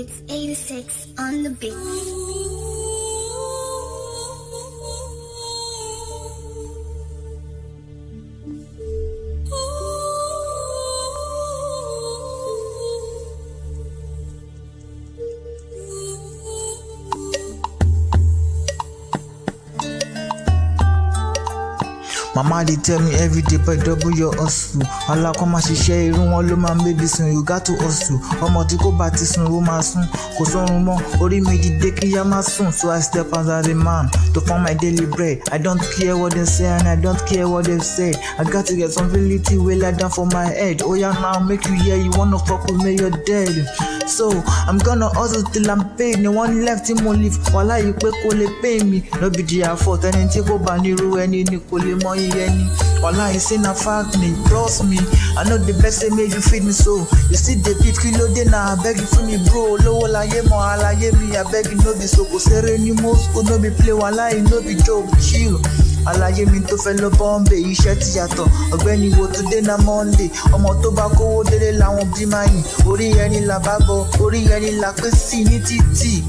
It's 86 on the beat. Mama dey tell me every day, but double your hustle. Ọlá kọ́ máa ṣiṣẹ́ irú wọn ló máa ń bébí sun, you got to hustle. Ọmọ tí kò bá ti sun, ó máa sùn. Kò sọ́run mọ́, orí mi dìde kí yá máa sùn. So I step out as a man to find my daily bread. I don't care what they say and I don't care what they say. I got to get some little way lie down for my head. Oya oh now make you hear you wanna fuck with me, you're dead so i'm gonna hustle till i'm paid No one left tí mo leave wàhálà yìí pé kò lè pay me. no be their fault ẹni tí kò bá nírú ẹni ni kò lè mọ iye ẹni wàhálà yìí say na fact me trust me i know the best say make you feed me so you still dey beat kí ló dé na abeg you feel me bro olówó láyé mọ àlàyé mi abeg you no be so kò sẹ́rẹ́ ní moscow no be play wàhálà yìí no be joke chill aláyé mi tó fẹ́ lọ bọ́m̀bẹ̀ iṣẹ́ ti yàtọ̀ ọ̀gbẹ́ni wo tó dé na monday ọmọ tó bá kówó délé làwọn bí máa yìn orí ẹni là bá bọ orí ẹni là pé sí ní títì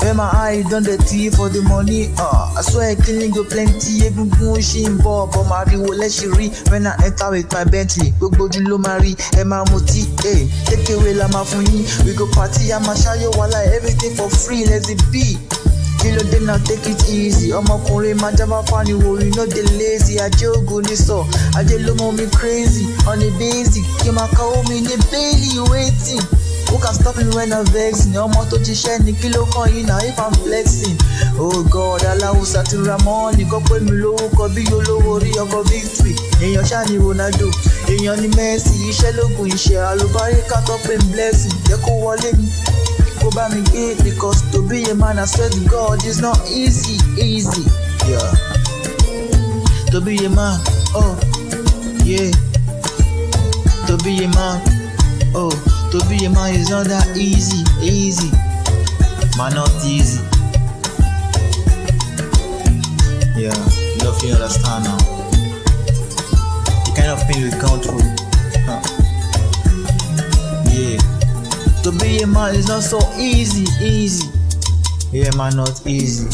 when my eye don dey tea for the money uh, i swear killing go plenty egungun pushing ń bọ̀ ọ̀bọ̀ máa rí wo when i enter with my bentley gbogbo ojú ló máa rí ẹ máa mutí eh. kékeré la máa fún yín we go party a máa ṣáyé wàhálà everything for free Let it be kí ló dé náà take it easy ọmọkùnrin máa jábá fáriwo you no the lazy ajé ògùn ní sọ ajé ló mọ mi crazy on a basic kí máa kọ́ omi ní bẹ́ẹ̀lì waiting who can stop me when i'm vexing ọmọ tó ti ṣẹ́ ni kí ló kàn yín náà if i'm flexing oh god aláwùsá ti ra mọ́ọ̀nì kọ́ pé mi lówókọ bí olówó orí ọkọ̀ victory èèyàn ṣáà ni ronaldo èèyàn ni messi iṣẹ́ lógun iṣẹ́ àlùbáríkà tó pé blessing jẹ́ kó wọlé ni kó bá mi gbé because to be a man I said, God is not easy easy yeah. to be a man oh yeah to be a man oh to be a man is not that easy easy man not easy yeah love you understand now the kind of pain we go through. To be a man is not so easy, easy. Yeah, man, not easy.